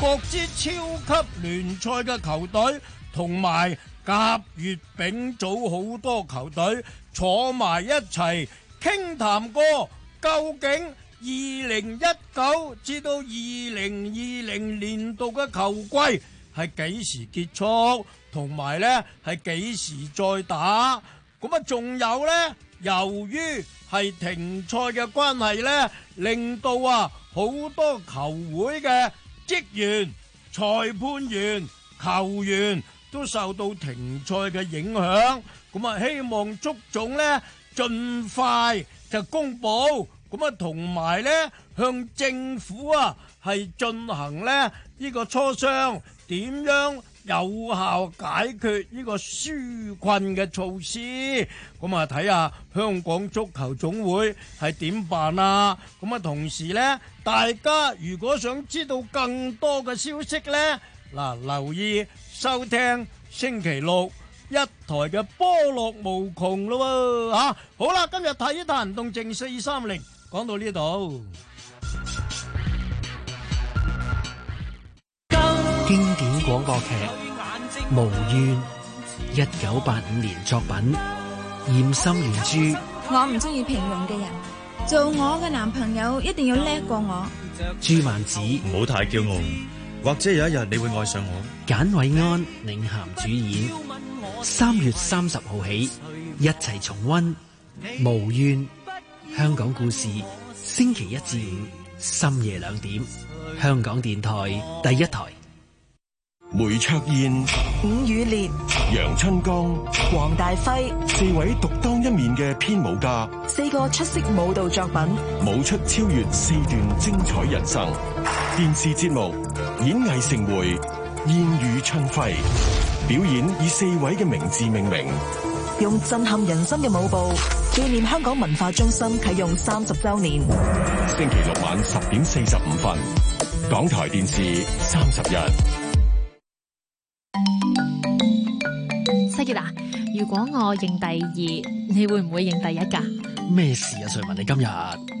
各支超級聯賽嘅球隊同埋甲、乙、丙組好多球隊坐埋一齊傾談過，究竟二零一九至到二零二零年度嘅球季係幾時結束，同埋呢係幾時再打？咁啊，仲有呢，由於係停賽嘅關係呢令到，啊好多球會嘅職員、裁判員、球員都受到停賽嘅影響，咁啊希望足總呢盡快就公布，咁啊同埋呢向政府啊係進行呢呢個磋商，點樣？有效解決呢個紓困嘅措施，咁啊睇下香港足球總會係點辦啊？咁啊，同時呢，大家如果想知道更多嘅消息呢，嗱，留意收聽星期六一台嘅波樂無窮咯，吓、啊。好啦，今日體壇動靜四三零，講到呢度。經典廣播劇《無怨》，一九八五年作品《艷心如珠》。我唔中意平庸嘅人，做我嘅男朋友一定要叻過我。朱曼子，唔好太驕傲，或者有一日你會愛上我。簡偉安領銜主演。三月三十號起，一齊重溫《無怨》香港故事。星期一至五深夜兩點，香港電台第一台。梅卓燕、伍宇烈、楊春江、黃大輝四位獨當一面嘅編舞家，四個出色舞蹈作品，舞出超越四段精彩人生。電視節目《演藝盛會燕語春暉》表演以四位嘅名字命名，用震撼人心嘅舞步紀念香港文化中心啟用三十周年。星期六晚十點四十五分，港台電視三十日。.如果我認第二，你會唔會認第一噶？咩事啊？瑞文，你今日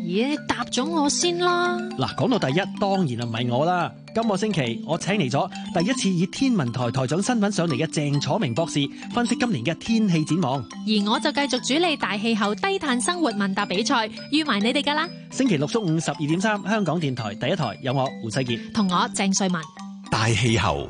咦？答咗我先啦。嗱，講到第一，當然啊唔係我啦。今個星期我請嚟咗第一次以天文台台長身份上嚟嘅鄭楚明博士，分析今年嘅天氣展望。而我就繼續主理大氣候低碳生活問答比賽，預埋你哋噶啦。星期六中午十二點三，香港電台第一台有我胡世杰同我鄭瑞文大氣候。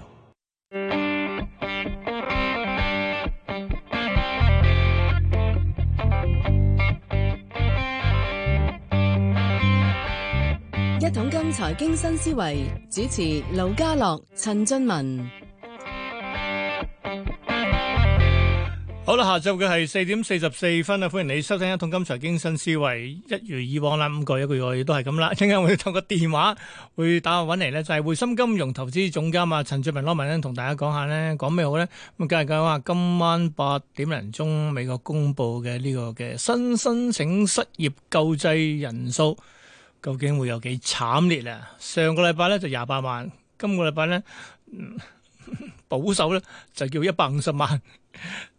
財經新思維主持劉家樂、陳俊文。好啦，下晝嘅係四點四十四分啊！歡迎你收聽一桶金財經新思維，一如以往啦，五個一個月都係咁啦。一陣間我哋透過電話會打下搵嚟呢就係、是、匯深金融投資總監啊陳俊文攞文咧，同大家講下呢，講咩好呢？咁今日講下今晚八點零鐘，美國公布嘅呢個嘅新申請失業救濟人數。究竟會有幾慘烈啊？上個禮拜咧就廿八萬，今個禮拜咧、嗯、保守咧就叫一百五十萬，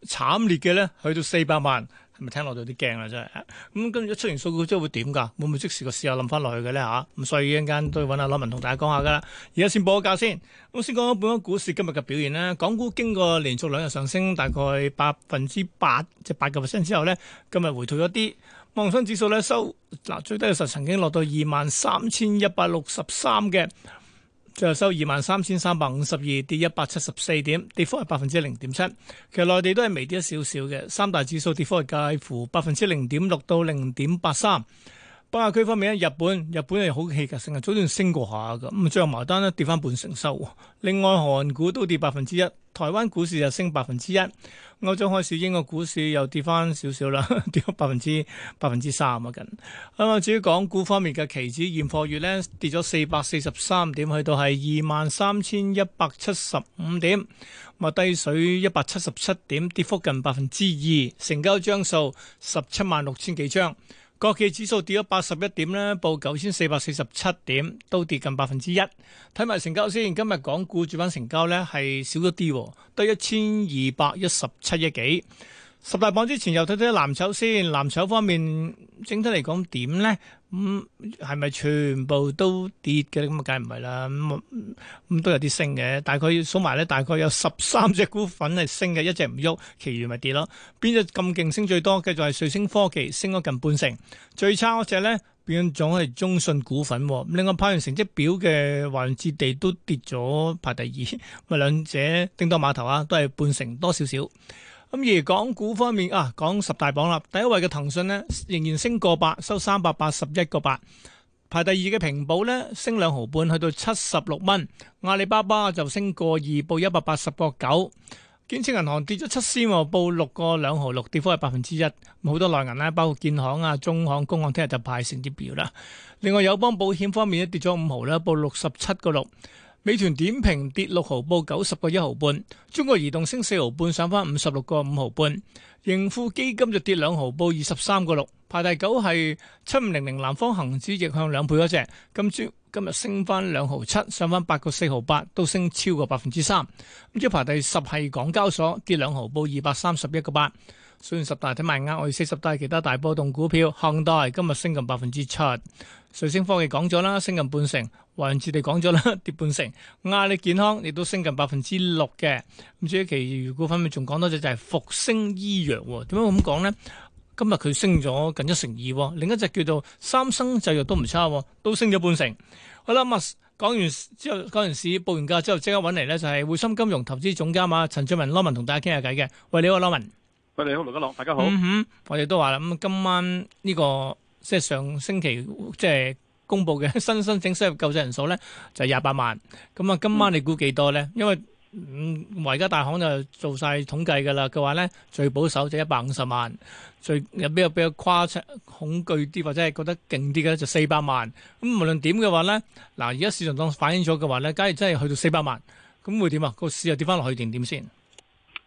慘烈嘅咧去到四百萬，係咪聽落都有啲驚啦？真係咁，跟住一出完數據之後會點噶？會唔會即時個市又冧翻落去嘅咧？吓、啊、咁，所以一陣間都揾阿羅文同大家講下噶啦。而家先報個價先。咁先講翻本港股市今日嘅表現啦。港股經過連續兩日上升，大概百分之八即係八個 percent 之後咧，今日回吐咗啲。恒生指數咧收嗱最低嘅時候曾經落到二萬三千一百六十三嘅，就收二萬三千三百五十二，跌一百七十四點，跌幅係百分之零點七。其實內地都係微跌一少少嘅，三大指數跌幅係介乎百分之零點六到零點八三。北亞區方面咧，日本日本係好戲劇性噶，早段升過下噶。咁最後埋單，咧跌翻半成收。另外韓股都跌百分之一，台灣股市又升百分之一。歐洲開始，英國股市又跌翻少少啦， 跌咗百分之百分之三啊，近。咁啊，至於港股方面嘅期指現貨月咧，跌咗四百四十三點，去到係二萬三千一百七十五點，啊低水一百七十七點，跌幅近百分之二，成交張數十七萬六千幾張。國企指數跌咗八十一點呢，報九千四百四十七點，都跌近百分之一。睇埋成交先，今日港股主板成交呢係少咗啲，得一千二百一十七億幾。十大榜之前又睇睇藍籌先，藍籌方面整體嚟講點咧？咁係咪全部都跌嘅？咁啊，梗唔係啦。咁、嗯、咁、嗯、都有啲升嘅，大概數埋咧，大概有十三隻股份係升嘅，一隻唔喐，其餘咪跌咯。邊隻咁勁升最多嘅就係瑞星科技，升咗近半成。最差嗰隻咧變咗係中信股份。另外跑完成績表嘅華潤置地都跌咗，排第二。咁啊，兩者叮當碼頭啊，都係半成多少少。咁而港股方面啊，講十大榜啦，第一位嘅騰訊咧仍然升過百，收三百八十一個八。排第二嘅平保咧升兩毫半，去到七十六蚊。阿里巴巴就升過二，報一百八十個九。建設銀行跌咗七仙，報六個兩毫六，跌幅係百分之一。好多內銀啦，包括建行啊、中行、工行，聽日就派成績表啦。另外友邦保險方面咧跌咗五毫啦，報六十七個六。美團點評跌六毫報九十個一毫半，中國移動升四毫半上翻五十六個五毫半，盈富基金就跌兩毫報二十三個六，排第九係七五零零南方恒指逆向兩倍嗰隻，今朝今日升翻兩毫七，上翻八個四毫八，都升超過百分之三。咁即排第十係港交所跌兩毫報二百三十一個八，雖然十大睇埋額外，四十大其他大波動股票，恒大今日升近百分之七，瑞聲科技講咗啦，升近半成。環指哋講咗啦，跌半成。阿里健康亦都升近百分之六嘅。咁至於其餘股方面，仲講多隻就係、是、復星醫藥喎。點解咁講呢？今日佢升咗近一成二。另一隻叫做三生製藥都唔差，都升咗半成。好啦，咁啊講完之後，嗰陣時報完價之後，即刻揾嚟呢就係匯心金融投資總監啊陳俊文羅文同大家傾下偈嘅。喂，你好，羅文。喂，你好，盧家樂，大家好。嗯哼，我哋都話啦，咁今晚呢、這個即係上星期即係。公布嘅新申請收入救濟人數咧就係廿八萬，咁啊今晚你估幾多咧？因為嗯，而家大行就做晒統計噶啦，嘅話咧最保守就一百五十萬，最有比較比較誇張、恐懼啲或者係覺得勁啲嘅就四百萬。咁無論點嘅話咧，嗱而家市場當反映咗嘅話咧，假如真係去到四百萬，咁會點啊？個市又跌翻落去定點先？如何如何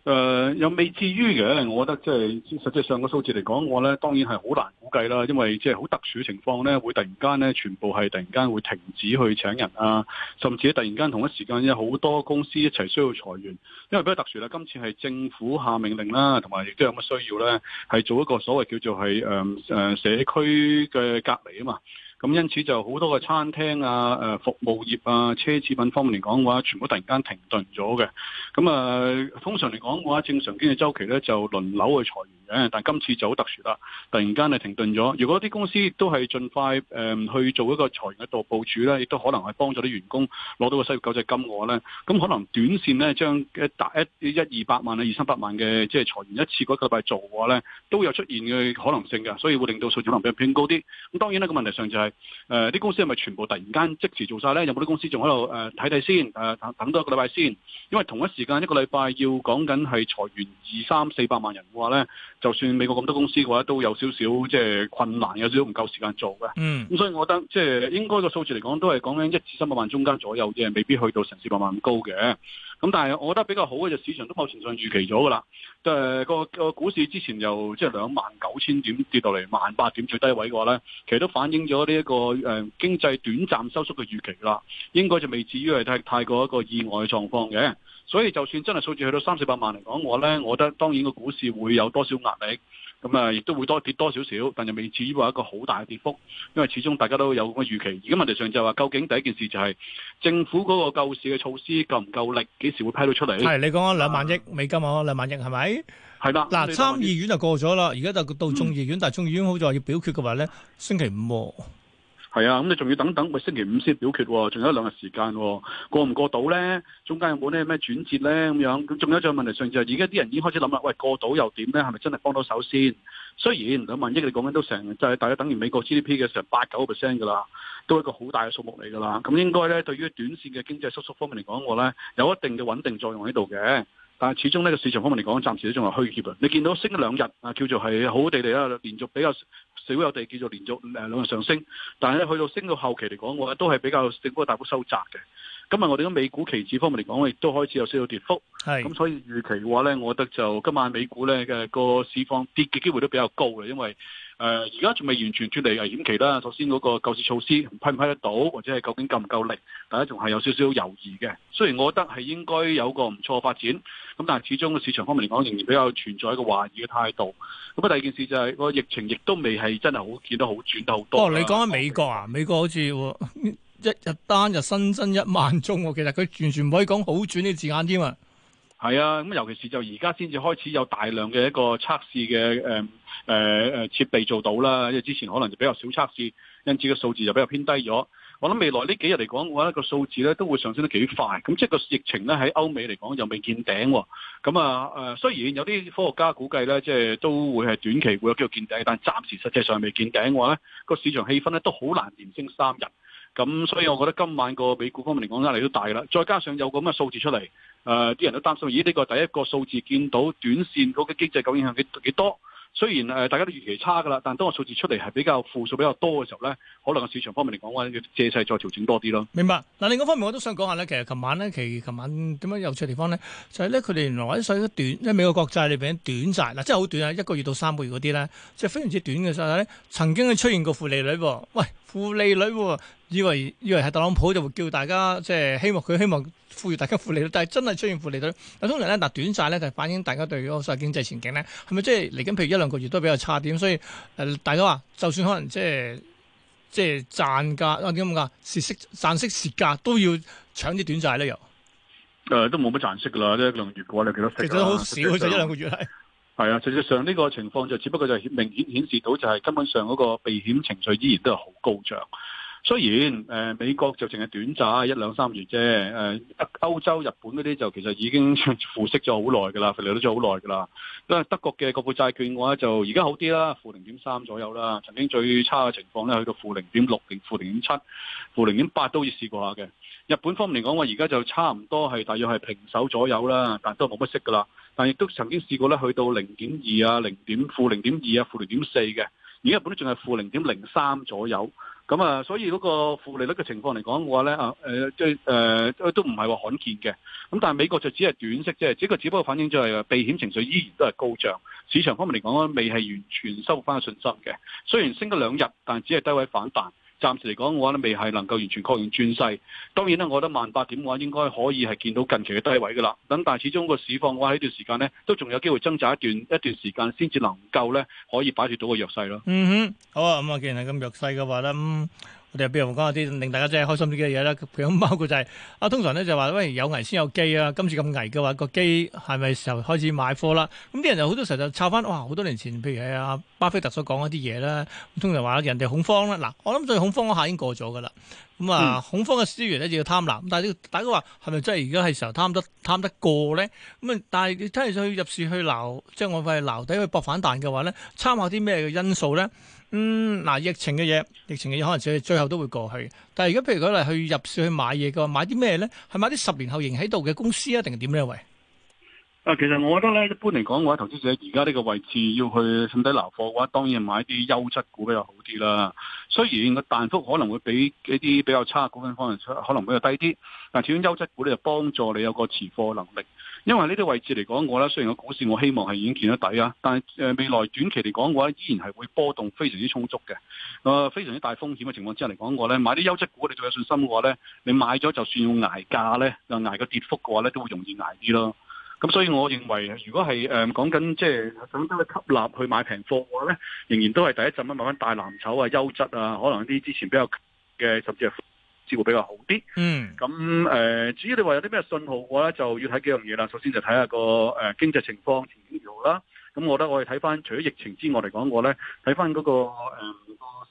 誒、呃、又未至於嘅，我覺得即、就、係、是、實際上個數字嚟講，我咧當然係好難估計啦，因為即係好特殊情況咧，會突然間咧全部係突然間會停止去請人啊，甚至突然間同一時間有好多公司一齊需要裁員，因為比較特殊啦，今次係政府下命令啦，同埋亦都有乜需要咧，係做一個所謂叫做係誒誒社區嘅隔離啊嘛。咁因此就好多嘅餐廳啊、誒、呃、服務業啊、奢侈品方面嚟講嘅話，全部突然間停頓咗嘅。咁、嗯、啊、呃，通常嚟講嘅話，正常經濟周期咧就輪流去裁員。但今次就好特殊啦，突然間係停頓咗。如果啲公司都係盡快誒去做一個裁員嘅度部署呢，亦都可能係幫助啲員工攞到個收入救濟金嘅話咧，咁可能短線呢將一達一一二百萬啊，二三百萬嘅即係裁員一次嗰個禮拜做嘅話呢，都有出現嘅可能性嘅，所以會令到數字可能比較偏高啲。咁當然呢個問題上就係誒啲公司係咪全部突然間即時做晒呢？有冇啲公司仲喺度誒睇睇先誒、呃、等等多一個禮拜先？因為同一時間一個禮拜要講緊係裁員二三四百萬人嘅話呢。就算美國咁多公司嘅話，都有少少即係困難，有少少唔夠時間做嘅。嗯，咁、嗯、所以我覺得即係應該個數字嚟講，都係講緊一至三百萬中間左右，即係未必去到成四百萬咁高嘅。咁、嗯、但係，我覺得比較好嘅就市場都某程上預期咗㗎啦。即、呃、係、個個股市之前由即係兩萬九千點跌到嚟萬八點最低位嘅話咧，其實都反映咗呢一個誒、呃、經濟短暫收縮嘅預期啦。應該就未至於係太，太過一個意外嘅狀況嘅。所以就算真係數字去到三四百萬嚟講，我咧，我覺得當然個股市會有多少壓力。咁啊，亦都、嗯、會多跌多少少，但又未至於話一個好大嘅跌幅，因為始終大家都有個預期。而家問題上就係、是、話，究竟第一件事就係、是、政府嗰個救市嘅措施夠唔夠力，幾時會批到出嚟？係你講啊，兩萬億美金啊，兩萬億係咪？係的啦，嗱，參議院就過咗啦，而家就到眾議院，但係、嗯、眾議院好在要表決嘅話咧，星期五喎。係啊，咁你仲要等等，喂，星期五先表決喎，仲有一兩日時間喎，過唔過到呢？中間有冇咧咩轉折呢？咁樣，咁仲有一個問題上就係、是，而家啲人已經開始諗啦，喂，過到又點呢？係咪真係幫到手先？雖然兩萬億，你講緊都成，就係大概等於美國 GDP 嘅成八九個 percent 㗎啦，都係一個好大嘅數目嚟㗎啦。咁應該呢，對於短線嘅經濟收縮方面嚟講，我呢，有一定嘅穩定作用喺度嘅。但係始終呢個市場方面嚟講，暫時都仲係虛怯。啊！你見到升一兩日啊，叫做係好好地地啦，連續比較少有地叫做連續誒兩日上升，但係咧去到升到後期嚟講，我咧都係比較整個大幅收窄嘅。今日我哋嘅美股期指方面嚟講，亦都開始有少少跌幅。係咁是、嗯，所以預期嘅話咧，我覺得就今晚美股咧嘅個市況跌嘅機會都比較高啦，因為。誒，而家仲未完全脫離危險期啦。首先嗰個救市措施批唔批得到，或者係究竟夠唔夠力，大家仲係有少少猶豫嘅。雖然我覺得係應該有個唔錯嘅發展，咁但係始終市場方面嚟講，仍然比較存在一個懷疑嘅態度。咁、嗯、啊，第二件事就係、是、個疫情亦都未係真係好見得好轉得好多。哦、啊，你講緊美國啊？美國好似一日單日新增一萬宗、啊，其實佢完全唔可以講好轉呢字眼添啊。係啊，咁尤其是就而家先至開始有大量嘅一個測試嘅誒。嗯誒誒，設、呃、備做到啦，因為之前可能就比較少測試，因此個數字就比較偏低咗。我諗未來呢幾日嚟講，我諗個數字呢都會上升得幾快。咁、嗯、即係個疫情呢，喺歐美嚟講又未見頂、哦。咁啊誒，雖然有啲科學家估計呢，即係都會係短期會有機會見頂，但暫時實際上未見頂嘅話呢個市場氣氛，呢都好難連升三日。咁、嗯、所以我覺得今晚個美股方面嚟講壓力都大啦。再加上有咁嘅數字出嚟，誒、呃，啲人都擔心，咦？呢、這個第一個數字見到短線嗰個經濟究竟影響幾幾多？雖然誒大家都越期差㗎啦，但當個數字出嚟係比較負數比較多嘅時候咧，可能個市場方面嚟講話要借勢再調整多啲咯。明白。嗱，另外方面我都想講下咧，其實琴晚咧其實琴晚點樣有趣嘅地方咧，就係咧佢哋原來喺債都短，即係美國國債裏邊短債，嗱，真係好短啊，一個月到三個月嗰啲咧，即、就、係、是、非常之短嘅債，曾經都出現過負利率喎。喂，負利率喎！以為，以為係特朗普就會叫大家，即係希望佢希望賦予大家負利率，但係真係出現負利率。但通常咧，嗱，短債咧就反映大家對嗰個經濟前景咧係咪即係嚟緊？譬如一兩個月都比較差啲，所以誒大家話就算可能即係即係賺價嗰啲咁嘅蝕息賺息蝕價都要搶啲短債咧又。誒都冇乜賺息㗎啦，一兩個月嘅話你幾多息啊？其實好少，就一兩個月係。係啊，實際上呢個情況就只不過就係明顯顯示到就係根本上嗰個避險情緒依然都係好高漲。雖然誒、呃、美國就淨係短債一兩三月啫，誒、呃、歐洲、日本嗰啲就其實已經負息咗好耐㗎啦，浮離咗好耐㗎啦。因為德國嘅國庫債券嘅話就而家好啲啦，負零點三左右啦。曾經最差嘅情況咧去到負零點六、定負零點七、負零點八都要試過下嘅。日本方面嚟講，我而家就差唔多係大約係平手左右啦，但都冇乜息㗎啦。但亦都曾經試過咧去到零點二啊、零點負零點二啊、負零點四嘅。而家日本仲係負零點零三左右，咁啊，所以嗰個負利率嘅情況嚟講嘅話咧，啊、呃，誒、呃，即係誒都唔係話罕見嘅。咁但係美國就只係短息啫，只係只不過反映咗係避險情緒依然都係高漲。市場方面嚟講咧，未係完全收復翻信心嘅。雖然升咗兩日，但只係低位反彈。暫時嚟講嘅話咧，未係能夠完全確認轉勢。當然咧，我覺得萬八點嘅話，應該可以係見到近期嘅低位噶啦。咁但係始終個市況我喺呢段時間咧，都仲有機會掙扎一段一段時間，先至能夠咧可以擺脫到個弱勢咯。嗯哼，好啊。咁、嗯、啊，既然係咁弱勢嘅話咧，嗯我哋比如講下啲令大家真係開心啲嘅嘢啦，譬如咁包括就係、是、啊，通常咧就話，喂有危先有機啊，今次咁危嘅話，個機係咪時候開始買貨啦？咁、嗯、啲人就好多時候就抄翻，哇！好多年前，譬如係阿巴菲特所講一啲嘢啦，通常話人哋恐慌啦，嗱，我諗最恐慌嗰下已經過咗㗎啦。咁、嗯、啊，嗯、恐慌嘅思源咧就要貪婪，但係呢、這個，大家話係咪真係而家係時候貪得貪得過咧？咁啊，但係你真嚟上去入市去撈，即係我係撈底去搏反彈嘅話咧，參考啲咩嘅因素咧？嗯，嗱、啊，疫情嘅嘢，疫情嘅嘢，可能最最後都會過去。但係而家，譬如佢嚟去入市去買嘢嘅話，買啲咩咧？係買啲十年後仍喺度嘅公司啊，定係點呢？喂？啊，其實我覺得咧，一般嚟講嘅話，投資者而家呢個位置要去趁低拿貨嘅話，當然係買啲優質股比較好啲啦。雖然個彈幅可能會比一啲比較差嘅股份可能出，可能會低啲，但始終優質股咧就幫助你有個持貨能力。因為呢啲位置嚟講，我咧雖然個股市我希望係已經見咗底啊，但係誒未來短期嚟講嘅話，依然係會波動非常之充足嘅，誒非常之大風險嘅情況之下嚟講，我咧買啲優質股，你哋最有信心嘅話咧，你買咗就算要挨價咧，就挨個跌幅嘅話咧，都會容易挨啲咯。咁所以我認為，如果係誒、呃、講緊即係想走去吸納去買平貨嘅話咧，仍然都係第一陣咧買翻大藍籌啊、優質啊，可能啲之前比較嘅甚至係。似乎比較好啲，咁誒、嗯呃，至於你話有啲咩信號嘅話咧，我就要睇幾樣嘢啦。首先就睇下、個誒、呃、經濟情況前景如何啦。咁我覺得我哋睇翻除咗疫情之外嚟講，我咧睇翻嗰個誒、呃、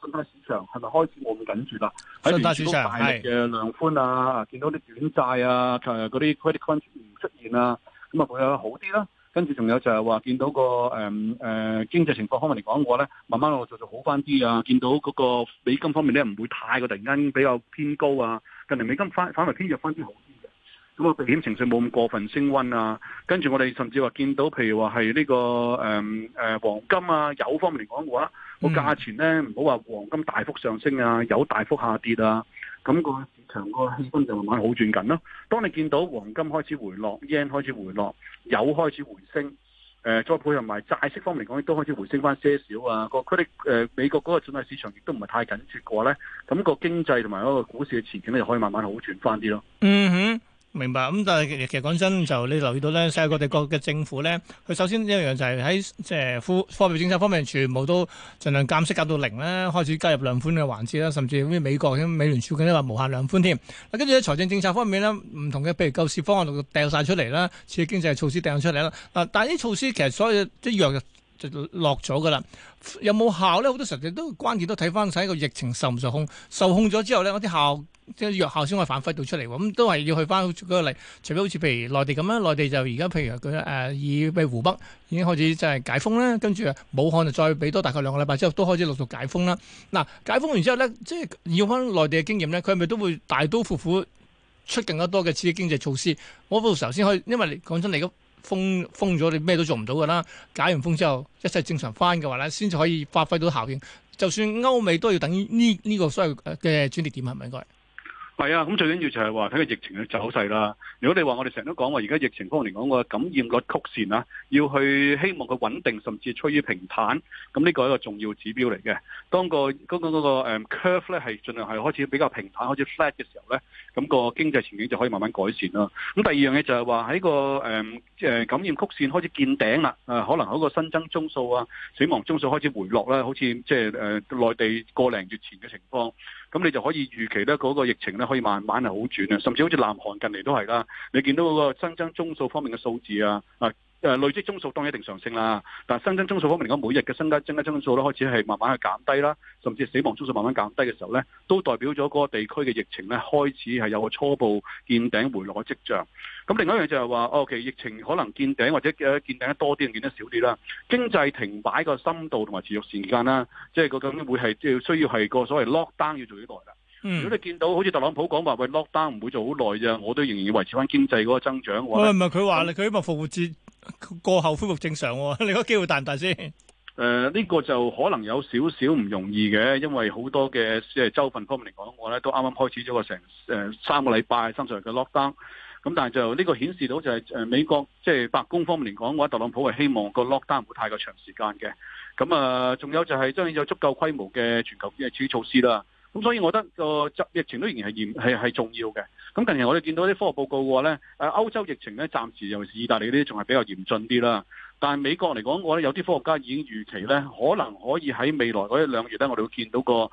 個信貸市場係咪開始冇咁緊住啦？信貸市場係嘅量寬啊，的見到啲短債啊，誒嗰啲 credit crunch 唔出現啊，咁啊會有好啲啦。跟住仲有就係話見到個誒誒、嗯呃、經濟情況方面嚟講嘅話咧，慢慢我就就好翻啲啊！見到嗰個美金方面咧唔會太過突然間比較偏高啊，近年美金反而為偏弱翻啲好啲嘅，咁個避險情緒冇咁過分升溫啊。跟住我哋甚至話見到，譬如話係呢個誒誒、嗯呃、黃金啊、油方面嚟講嘅話，個價、嗯、錢咧唔好話黃金大幅上升啊，油大幅下跌啊。咁個市場個氣氛就慢慢好轉緊咯。當你見到黃金開始回落，yen 開始回落，油開始回升，誒、呃，再配合埋債息方面嚟講亦都開始回升翻些少啊。個區力誒，美國嗰個信貸市場亦都唔係太緊縮嘅話咧，咁、嗰個經濟同埋嗰個股市嘅前景咧就可以慢慢好轉翻啲咯。嗯哼、mm。Hmm. 明白咁，但係其實講真，就你留意到咧，世界各地各嘅政府咧，佢首先一樣就係喺即係貨貨幣政策方面，全部都儘量減息減到零啦，開始加入量寬嘅環節啦，甚至好似美國美聯儲更加話無限量寬添。跟住喺財政政策方面呢，唔同嘅，譬如救市方案度掉晒出嚟啦，刺激經濟措施掉出嚟啦。嗱，但係啲措施其實所有啲藥就落咗噶啦，有冇效咧？好多時候都關鍵都睇翻喺個疫情受唔受控，受控咗之後呢，嗰啲效。即係藥效先可以發揮到出嚟，咁都係要去翻嗰個例。除非好似譬如內地咁樣，內地就而家譬如佢誒以湖北已經開始即係解封啦。跟住武漢就再俾多大概兩個禮拜之後都開始陸續解封啦。嗱、啊、解封完之後咧，即係要翻內地嘅經驗咧，佢係咪都會大刀闊斧出更加多嘅刺激經濟措施？我、那、步、個、時候先可以，因為講真，你封封咗，你咩都做唔到噶啦。解封完封之後，一切正常翻嘅話咧，先至可以發揮到效應。就算歐美都要等呢呢、這個所謂嘅轉折點係咪應該？是。係啊，咁最緊要就係話睇個疫情嘅走勢啦。如果你話我哋成日都講話，而家疫情方面嚟講個感染個曲線啊，要去希望佢穩定，甚至趨於平坦，咁呢個係一個重要指標嚟嘅。當個嗰個嗰個誒 curve 咧係盡量係開始比較平坦，開始 flat 嘅時候咧，咁個經濟前景就可以慢慢改善啦。咁第二樣嘢就係話喺個誒誒感染曲線開始見頂啦，啊可能嗰個新增宗數啊、死亡宗數開始回落啦，好似即係誒內地個零月前嘅情況。咁你就可以預期咧，嗰個疫情咧可以慢慢係好轉啊，甚至好似南韓近嚟都係啦，你見到嗰個新增宗數方面嘅數字啊啊！誒累積宗數當然一定上升啦，但新增宗數方面嚟講，每日嘅新增增加宗數咧開始係慢慢去減低啦，甚至死亡宗數慢慢減低嘅時候咧，都代表咗嗰個地區嘅疫情咧開始係有個初步見頂回落嘅跡象。咁另一樣就係話，哦，其實疫情可能見頂或者誒見頂得多啲，見得少啲啦。經濟停擺個深度同埋持續時間啦，即係究竟會係即係需要係個所謂 lockdown 要做幾耐㗎？嗯、如果你見到好似特朗普講話，喂 lockdown 唔會做好耐啫，我都仍然要維持翻經濟嗰個增長。喂，唔係佢話咧，佢話復活節過後恢復正常，啊， 你個機會大唔大先？誒、呃、呢、這個就可能有少少唔容易嘅，因為好多嘅即係州份方面嚟講，我咧都啱啱開始咗成誒三個禮拜三禮拜 lock down、上嘅 lockdown。咁但係就呢個顯示到就係、是、誒、呃、美國即係白宮方面嚟講嘅話，特朗普係希望個 lockdown 唔會太過長時間嘅。咁、嗯、啊、仲、呃、有就係將有足夠規模嘅全球經濟措施啦。咁所以，我覺得個疫情都仍然係嚴係係重要嘅。咁近期我哋見到啲科學報告嘅話咧，誒歐洲疫情咧暫時尤其是意大利啲仲係比較嚴峻啲啦。但係美國嚟講，我覺得有啲科學家已經預期咧，可能可以喺未來嗰一兩個月咧，我哋會見到個誒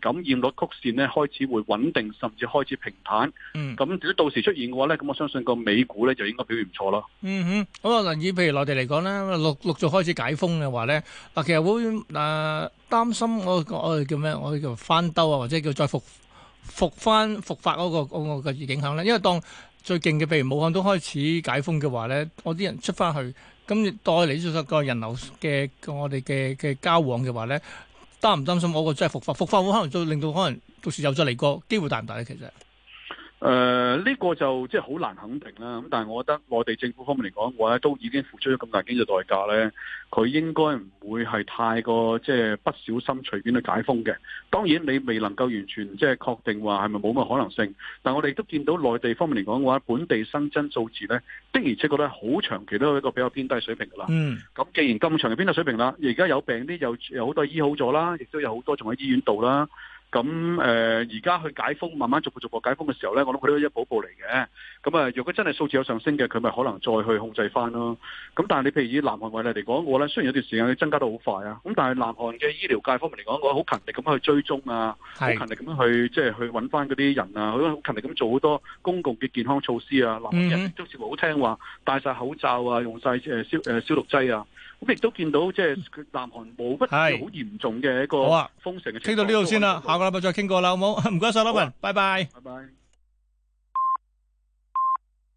感染率曲線咧開始會穩定，甚至開始平坦。嗯，咁如果到時出現嘅話咧，咁我相信個美股咧就應該表現唔錯咯。嗯哼，好啊，例如譬如內地嚟講咧，陸陸續開始解封嘅話咧，嗱其實會誒擔心我我哋叫咩？我哋叫翻兜啊，或者叫再復復翻復發嗰個嗰個嘅影響咧。因為當最勁嘅，譬如武漢都開始解封嘅話咧，我啲人出翻去。咁、嗯、代嚟呢種個人流嘅我哋嘅嘅交往嘅話咧，擔唔擔心嗰個真係復發？復發會可能再令到可能到時又再嚟過，機會大唔大咧？其實？誒、呢、呃這個就即係好難肯定啦。咁但係我覺得內地政府方面嚟講嘅話，都已經付出咗咁大經濟代價呢，佢應該唔會係太過即係不小心隨便去解封嘅。當然你未能夠完全即係確定話係咪冇乜可能性。但係我哋都見到內地方面嚟講嘅話，本地新增數字呢，的而且確咧好長期都有一個比較偏低水平㗎啦。嗯。咁既然咁長嘅偏低水平啦，而家有病啲又又好多醫好咗啦，亦都有好多仲喺醫院度啦。咁誒，而家、嗯呃、去解封，慢慢逐步逐步解封嘅時候咧，我諗佢都一步步嚟嘅。咁、嗯、啊，若果真係數字有上升嘅，佢咪可能再去控制翻咯。咁、嗯、但係你譬如以南韓為例嚟講，我咧雖然有段時間佢增加到好快啊，咁但係南韓嘅醫療界方面嚟講，我好勤力咁樣去追蹤啊，好是勤力咁樣去即係、就是、去揾翻嗰啲人啊，好勤力咁做好多公共嘅健康措施啊。南韓人都似好聽話，戴晒口罩啊，用晒誒消誒消毒劑啊。咁亦都見到，即係南韓冇乜好嚴重嘅一個封城。傾、啊、到呢度先啦，嗯、下個禮拜再傾過啦，好唔好？唔該晒，劉文、啊，拜拜。拜拜。拜拜。